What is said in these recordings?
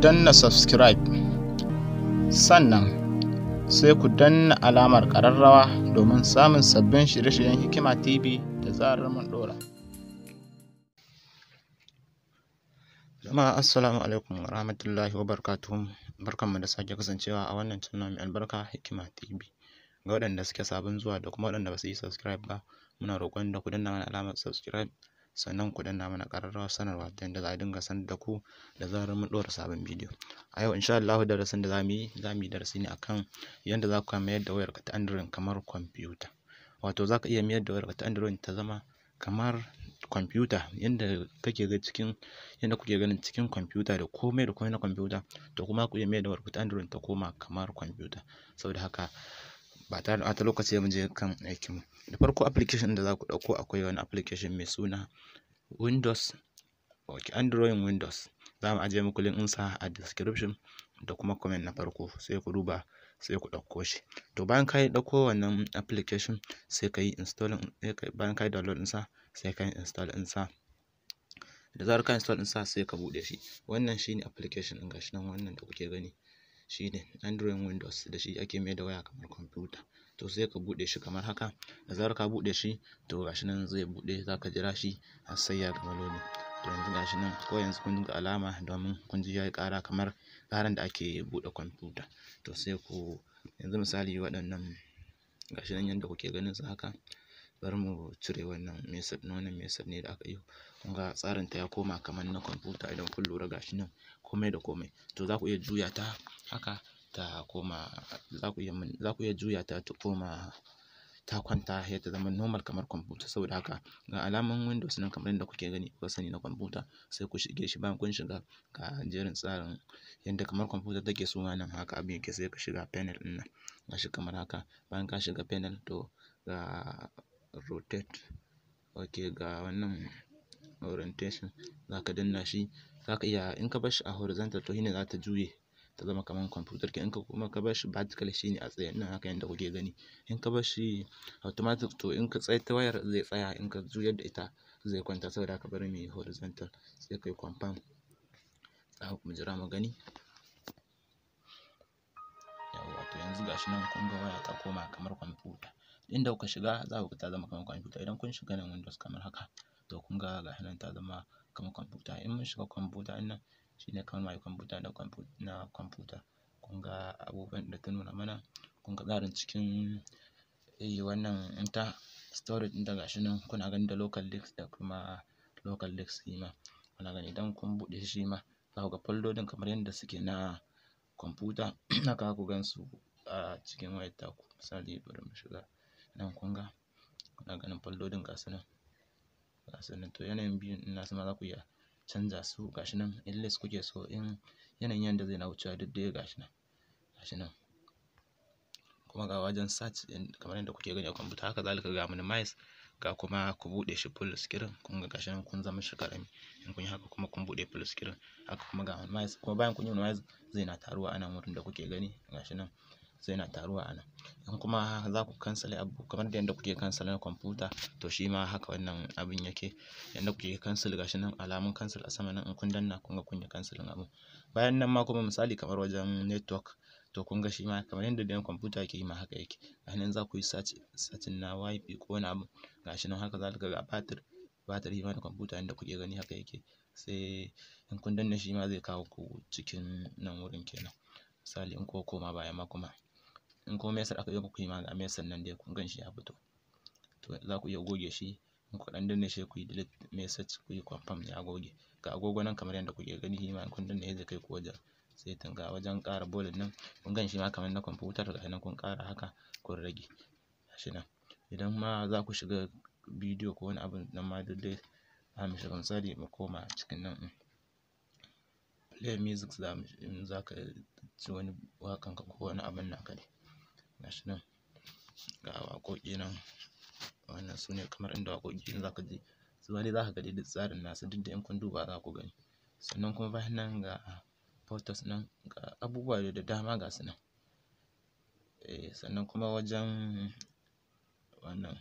danna subscribe sannan sai ku danna alamar ƙararrawa domin samun sabbin shirye-shiryen hikima tv da zarar mun dora jama'a assalamu alaikum wa rahmatullahi wa barakatuhu barkanmu da sake kasancewa a wannan channel mai albarka hikima tv ga waɗanda suke sabon zuwa da kuma waɗanda ba su yi subscribe ba muna roƙon da ku danna mana alamar subscribe sannan ku danna mana ƙararrawar sanarwa ta yadda za a dinga sanar da ku da zarar mun ɗora sabon bidiyo a yau insha Allah darasin da za mu yi za mu yi darasi ne akan yadda za ka mayar da wayarka ta Android kamar kwamfuta wato za ka iya mayar da wayarka ta Android ta zama kamar kwamfuta yadda kake ga cikin yadda kuke ganin cikin kwamfuta da komai da komai na kwamfuta to kuma ku iya mayar da wayarku ta Android ta koma kamar kwamfuta saboda haka ba tare da ɓata lokaci ya je kan aikin mu da farko application da za ku ɗauko akwai wani application mai suna windows ok android windows za mu ajiye muku link ɗinsa a description da kuma comment na farko sai ku duba sai ku ɗauko shi to bayan ka yi ɗauko wannan application sai ka yi installing bayan ka yi download ɗinsa sai ka yi install ɗinsa da zarar ka install ɗinsa sai ka buɗe shi wannan shine application ɗin gashi nan wannan da kuke gani shi ne Android Windows da shi ake mai da waya kamar computer to sai ka buɗe shi kamar haka da zarar ka buɗe shi to gashi nan zai buɗe za ka jira shi har sai ya gama to yanzu gashi nan ko yanzu kun ga alama domin kun ji yayi ƙara kamar karan da ake buɗe computer to sai ku yanzu misali waɗannan gashi nan yadda kuke ganin su haka bari mu cire wannan mai message wannan sa ne da aka yi kun ga tsarinta ya koma kamar na kwamfuta idan kun lura ga shi nan komai da komai to za ku iya juya ta haka ta koma za ku iya juya ta ta koma ta kwanta ya ta zama normal kamar kwamfuta saboda haka ga alaman windows nan kamar yadda kuke gani kuka sani na kwamfuta sai ku shige shi bayan kun shiga ga jerin tsarin yadda kamar kwamfuta take suna nan haka abin yake sai ka shiga panel ɗin nan shi kamar haka bayan ka shiga panel to ga rotate ok ga wannan orientation za ka danna shi za ka iya in ka bar shi a horizontal to shine za ta juye ta zama kamar kwamfutar in ka kuma ka bar shi vertical shine a tsaye ina haka yanda kuke gani in ka bar shi automatic to in ka tsaye ta wayar zai tsaya in ka juyar da ita zai kwanta saboda ka bar mai horizontal sai kai confirm za ku jira mu gani yawwa to yanzu gashi nan kun ga waya ta koma kamar computer inda kuka shiga za ku ta zama kamar computer idan kun shiga nan windows kamar haka to kun ga ga nan ta zama kamar kwamfuta in mun shiga kwamfuta ɗin nan ne kamar mai kwamfuta na kwamfuta na kwamfuta kun ga abubuwan da ta nuna mana kun ga tsarin cikin yi eh, wannan in ta storage ɗin ta shi nan kuna gani da local disk da kuma local disk shi ma kuna gani idan kun buɗe shi ma za ku ga foldodin kamar yadda suke na kwamfuta haka za ku gan su a cikin wayar taku misali bari mu shiga nan kun ga kuna ganin foldodin ga su nan gasu nan to yanayin biyun ina su za ku iya canza su gashi nan in kuke so in yanayin yanda zai na wucewa duk dai gashi nan gashi nan kuma ga wajen search kamar yadda kuke gani a kwamfuta haka zalika ga minimize ga kuma ku buɗe shi full screen kun ga gashi nan kun zama shi karami in kun yi haka kuma kun buɗe full screen haka kuma ga minimize kuma bayan kun yi minimize zai na taruwa a nan wurin da kuke gani gashi nan zai na taruwa a nan in kuma za ku cancel abu kamar da yadda kuke cancel na kwamfuta to shi ma haka wannan abin yake yadda kuke cancel gashi nan alamun cancel a sama nan in kun danna kun ga kun yi cancelin abu. bayan nan ma kuma misali kamar wajen network to kun ga shi ma kamar yadda da kwamfuta yake yi ma haka yake a nan za ku yi satin na wifi ko wani abu gashi nan haka za ka ga battery batir shi ma na kwamfuta yadda kuke gani haka yake sai in kun danna shi ma zai kawo ku cikin nan wurin kenan misali in kuka koma baya ma kuma in kuma mesar aka yi ku yi ma ga mesar nan dai kun ganshi ya fito to za ku iya goge shi in ku dan danne shi ku yi delete message ku yi confirm ya goge ga agogo nan kamar yadda kuke gani shi ma kun danne zai kai ku wajen sai ga wajen ƙara bolin nan kun ganshi ma kamar na kwamfutar ga nan kun ƙara haka kun rage shi nan idan ma za ku shiga bidiyo ko wani abu nan ma duk dai za mu shiga misali mu koma cikin nan ɗin mm. play music za mu ka ci wani waƙan ka ko wani abun naka ne gashi nan ga waƙoƙi nan wannan su ne kamar inda waƙoƙi in zaka je su ma dai za ga duk tsarin nasu duk da in kun duba za ku gani sannan kuma bayan nan ga photos nan ga abubuwa da dama ga su nan eh sannan kuma wajen wannan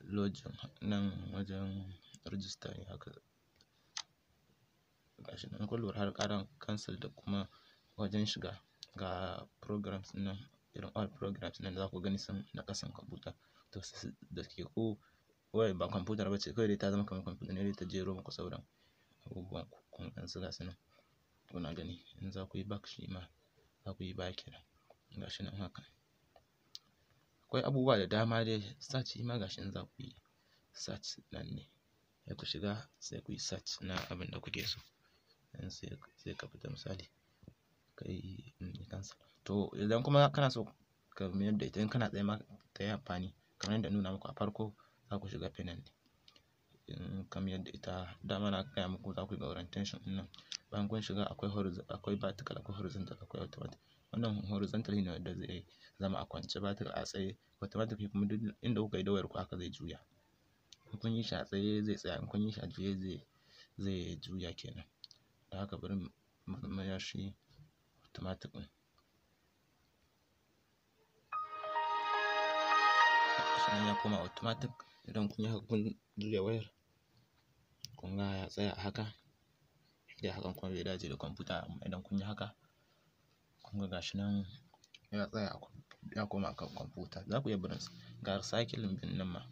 lodging nan wajen register ne haka gashi nan kun lura har ƙaran cancel da kuma wajen shiga ga programs nan irin all programs nan da za ku gani sun na ƙasan kwamfuta to da ke ko wai ba kwamfutar ba ce kawai dai ta zama kamar kwamfuta ne dai ta jero muku sauran abubuwan kun ɗan su su nan kuna gani in za ku yi back shi ma za ku yi back kenan ga shi nan haka akwai abubuwa da dama dai search shi ma ga shi nan za ku yi search nan ne sai ku shiga sai ku yi search na abin da kuke so sai ka fita misali kai cancel mm, to idan kuma kana so ka mayar da ita in kana tsaye ma ta yi amfani kamar yadda nuna muku a farko za ku shiga panel ne in ka kamar da ita dama na gaya muku za ku yi ga orientation ɗin nan bayan kun shiga akwai horizontal akwai vertical akwai horizontal akwai automatic wannan horizontal ne wanda zai zama a kwance vertical a tsaye automatic kuma duk inda kuka yi dawayar ku haka zai juya in kun yi shi a tsaye zai tsaya in kun yi shi a juye zai zai juya kenan da haka bari mu mayar shi tumatir ɗin sannan ya koma automatic idan kun yi haka kun juya wayar kun ga ya tsaya a haka idan hakan kuma bai dace da kwamfuta amma idan kun yi haka kun ga gashi nan ya tsaya ya koma kan kwamfuta za ku iya barin ga recycling bin nan ma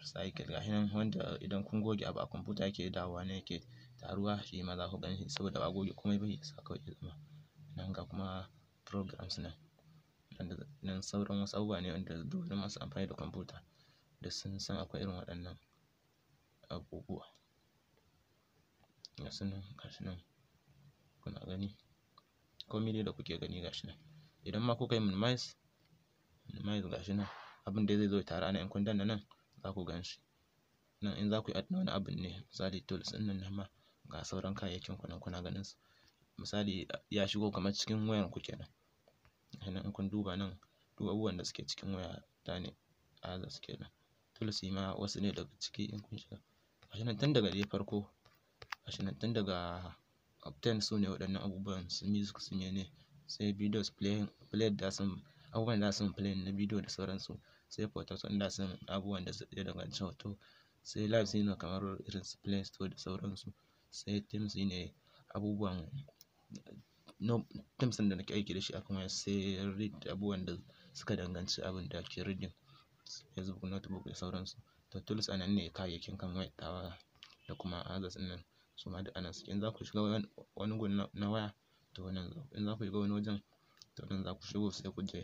recycle gashi nan wanda idan kun goge abu a kwamfuta yake dawowa ne yake taruwa shi ma za ku gan shi saboda ba goge komai ba ya sa kawai ya sannan ga kuma programs nan nan sauran wasu abubuwa ne wanda dole masu amfani da kwamfuta da sun san akwai irin waɗannan abubuwa ga nan kuna gani komai dai da kuke gani ga nan idan ma kuka yi minimize minimize ga shi nan abin da zai zo tare ana in kun nan za ku gan shi nan in za ku yi add wani abin ne misali tools ɗin nan ma ga sauran kayayyakin ku nan kuna ganin su misali ya shigo kamar cikin wayan ku kenan kenan in kun duba nan duk abubuwan da suke cikin waya ta ne others kenan tulsi ma wasu ne daga ciki in kun shiga gashi nan tun daga dai farko gashi nan tun daga obtain su ne waɗannan abubuwan su music su ne sai videos playing played da sun abubuwan da sun play na bidiyo da sauransu sai photos wanda sun abubuwan da ya danganci hoto sai live shine kamar irin su play store da sauransu sai teams shine abubuwan terms da nake aiki da shi a kuma sai read abubuwan da suka danganci abin da ke reading Facebook, notebook da sauransu. To tools anan ne kayayyakin kan wayar da kuma others ɗinnan su ma duk anan su. In za ku shiga wani gun na waya to nan in za ku shiga wani wajen to nan za ku shigo sai ku je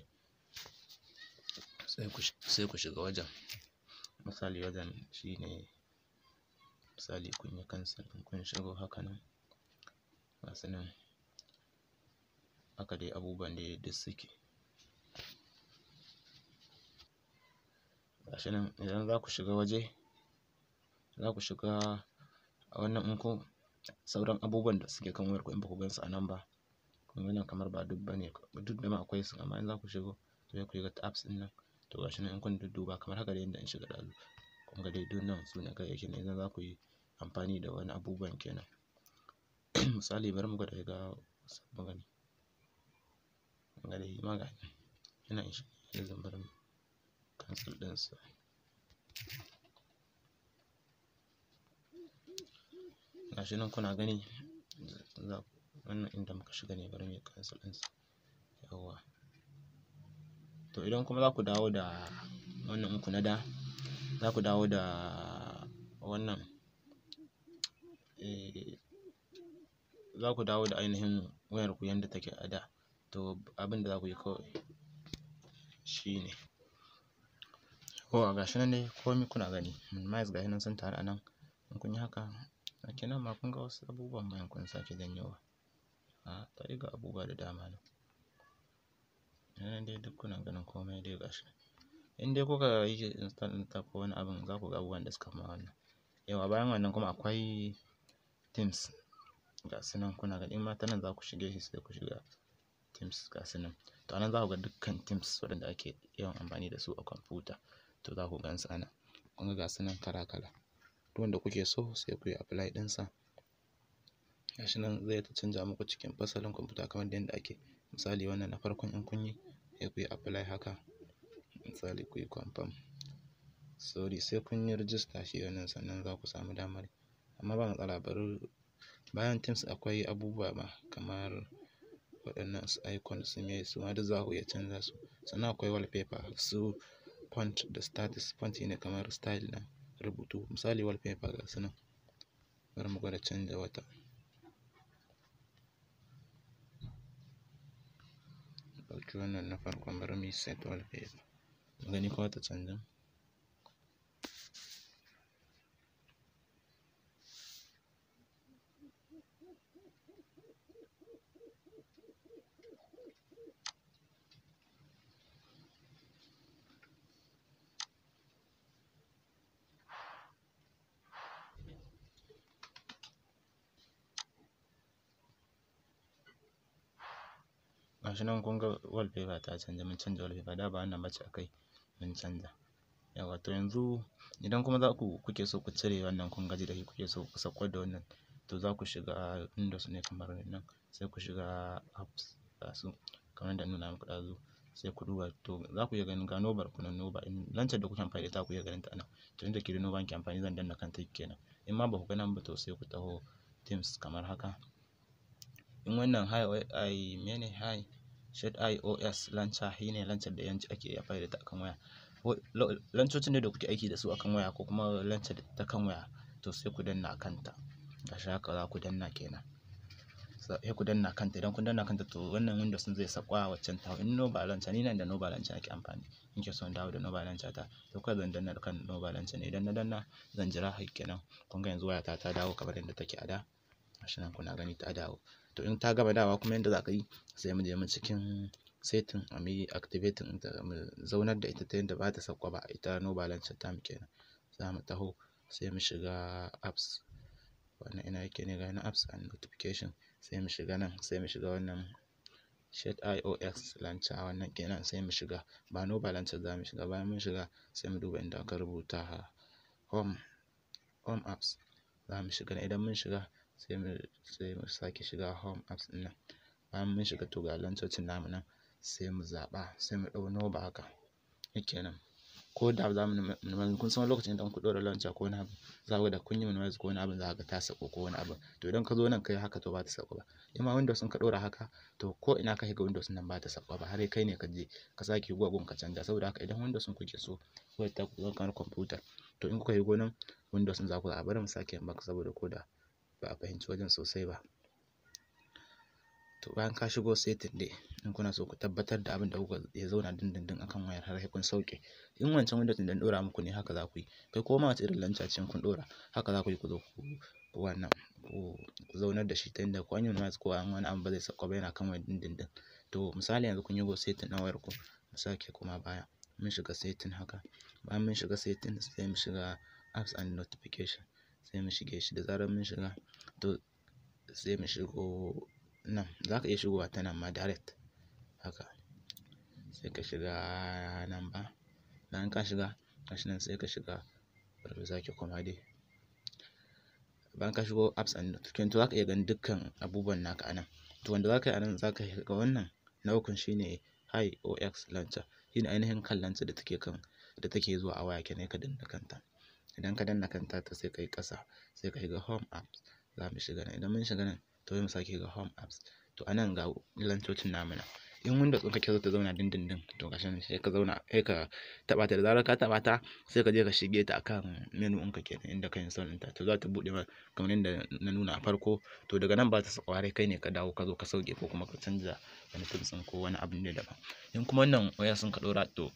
sai ku sai ku shiga wajen. Misali wajen shi ne misali kun yi kansa kun shigo haka nan gasu nan. haka dai abubuwan dai duk suke gashi nan idan za ku shiga waje za ku shiga a wannan in ku sauran abubuwan da suke kan wayar in ba ku gan su a nan ba ga wannan kamar ba duk ne, duk da ma akwai su amma in za ku shigo to sai ku ga apps din nan to gashi nan in kun dudduba kamar haka dai yadda in shiga ɗazu kun ga dai duk nan su ne kayayyakin da idan za ku yi amfani da wani abubuwan kenan misali bari mu gwada ga gani ga dai magani yana da zambarin cancel ɗinsa gashi nan kuna gani wannan inda muka shiga ne bari mu yi din ɗinsa yawwa to idan kuma za ku dawo da wannan in na da za ku dawo da wannan eh, za ku dawo da ainihin wayarku yadda take a da to abinda za ku yi kawai shi ne kowa ga shi nan dai komi kuna gani minimize ga nan sun taru a nan in kun yi haka a kenan ma kun ga wasu abubuwan bayan kun sake janyowa a ta ga abubuwa da dama ne nan dai duk kuna ganin komai dai ga shi in dai kuka yi install ɗin ta ko wani abin za ku ga abubuwan da suka ma wannan yawa bayan wannan kuma akwai teams ga su nan kuna gani in ma ta nan za ku shige shi sai ku shiga teams ga su nan to anan za ku ga dukkan teams waɗanda ake yawan amfani da su a kwamfuta to za ku gan su anan kun ga ga su nan kala kala duk wanda kuke so sai ku yi apply sa. gashi nan zai ta canja muku cikin fasalin kwamfuta kamar da yadda ake misali wannan na farkon in kun yi sai ku yi apply haka misali ku yi confirm sorry sai kun yi register shi wannan sannan za ku samu damar amma ba matsala bari bayan teams akwai abubuwa ba, kamar waɗannan su icon su ne su ma duk za ku iya canza su sannan akwai wallpaper su font da status font ne kamar style na rubutu misali wallpaper ga su nan bari mu gwada canza wata ɗauki wannan na farkon bari mu yi set wallpaper mu gani ko ta canza gashinan nan kun ga wallpaper ta canja mun canja wallpaper da ba wannan bace akai mun canja yawa to yanzu idan kuma za ku kuke so ku cire wannan kun gaji da kuke so ku sako da wannan to za ku shiga Windows ne kamar nan sai ku shiga apps ga su kamar yadda nuna muku ɗazu sai ku duba to za ku iya ganin ga nobar ku nan noba in lantar da kuke amfani da ku iya ganin ta nan to inda ke da noba ke amfani zan danna kan ta kenan in ma ba ku ganin ba to sai ku taho teams kamar haka in wannan hi ai mene hi shed iOS launcher shi ne lancar da yanci ake amfani da ta akan waya lancocin ne da kuke aiki da su akan waya ko kuma lancar ta kan waya to sai ku danna kanta gashi haka za ku danna kenan sai ku danna kanta idan kun danna kanta to wannan windows zai sakwa waccan ta in no balance ne nan da no balance ake amfani in ke son dawo da no balance ta to kai zan danna kan no balance ne idan na danna zan jira har kenan kun ga yanzu wayata ta dawo kamar yadda take a da gashi nan kuna gani ta dawo to in ta gama dawa kuma yadda za ka yi sai mu je mu cikin setting a mu activating ta mu zaunar da ita ta yadda ba ta sakwa ba ita no balance ta mu kenan za mu taho sai mu shiga apps wannan ina yake ne ga na apps and notification sai mu shiga nan sai mu shiga wannan shed iox lancer wannan kenan sai mu shiga ba no balancer za mu shiga bayan mun shiga sai mu duba inda aka rubuta home home apps za mu shiga idan mun shiga sai mu sai mu sake shiga home apps din nan bayan mun shiga to ga lancocin namu nan sai mu zaɓa sai mu ɗau noba haka shikenan ko da za mu minimize kun san lokacin idan ku ɗora launcher ko wani abu za ku da kun yi minimize ko wani abu za ka ta sako ko wani abu to idan ka zo nan kai haka to ba ta sako ba in ma windows ka ɗora haka to ko ina ka shiga windows nan ba ta sako ba har kai ne ka je ka sake gwagwan ka canja saboda haka idan windows kuke so ko ta ku zan kan computer to in kuka yi gonan windows za ku a bari mu sake yin saboda ko da ba a fahimci wajen sosai ba to bayan ka shigo setting dai in kuna so ku tabbatar da abin da kuka ya zauna dindindin akan wayar har sai kun sauke in wancan windows din dora muku ne haka za ku yi kai ko ma wace irin lanca ce kun dora haka za ku yi ku zo ku wannan ku zaunar da shi ta inda ko an yi wani ko an wani abu ba zai sauka ba yana kan wayar dindindin to misali yanzu kun yi go setting na wayar ku mu sake kuma baya mun shiga setting haka bayan mun shiga setting sai mu shiga apps and notification sai mu shige shi da zarar mun shiga to sai mu shigo nan za ka iya shigowa ta nan ma direct haka sai ka shiga nan ba bayan ka shiga gashi nan sai ka shiga bari za sake koma dai bayan ka shigo apps and to za ka iya ganin dukkan abubuwan naka anan to wanda za ka yi anan za ka ga wannan na ukun shine hi ox launcher ne ainihin kan launcher da take kan da take zuwa a waya kenan ka danna kanta idan ka danna kanta ta sai ka yi ƙasa sai ka yi ga home apps za mu shiga nan idan mun shiga nan to zai mu sake ga home apps to anan ga lantocin namu na in windows ɗin kake so ta zauna dindindin to ga shan sai ka zauna sai ka taɓa ta da zarar ka taɓa ta sai ka je ka shige ta akan menu ɗinka kenan inda ka install ɗinta to za ta buɗe ma kamar yadda na nuna a farko to daga nan ba ta kware kai ne ka dawo ka zo ka sauke ko kuma ka canza wani na ɗin ko wani abu ne daban in kuma wannan waya sun ka ɗora to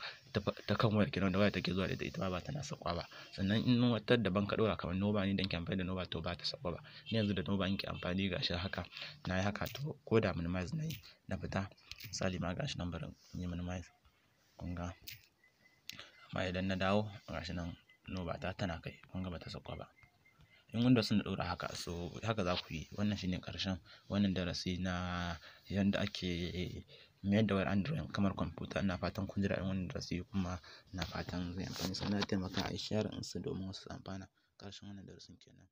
ta kan wayar kenan da waya take zuwa da ita ba ba tana sakwa ba sannan in wata daban ka ɗora kamar noba ne dan ke amfani da noba to ba ta sakwa ba ni yanzu da noba in nake amfani gashi haka na yi haka to ko da minimize na yi na fita misali ma gashi nan barin yi minimize kun ga amma idan na dawo gashi nan noba ta tana kai kun ga ba ta sakwa ba in windows na ɗora haka so haka za ku yi wannan shine ƙarshen wannan darasi na yadda ake mayar da wayar android kamar kwamfuta na fatan kun ji wannan darasi kuma ina fatan zai amfani sannan taimaka a yi in su domin wasu amfana ƙarshen wannan darasin kenan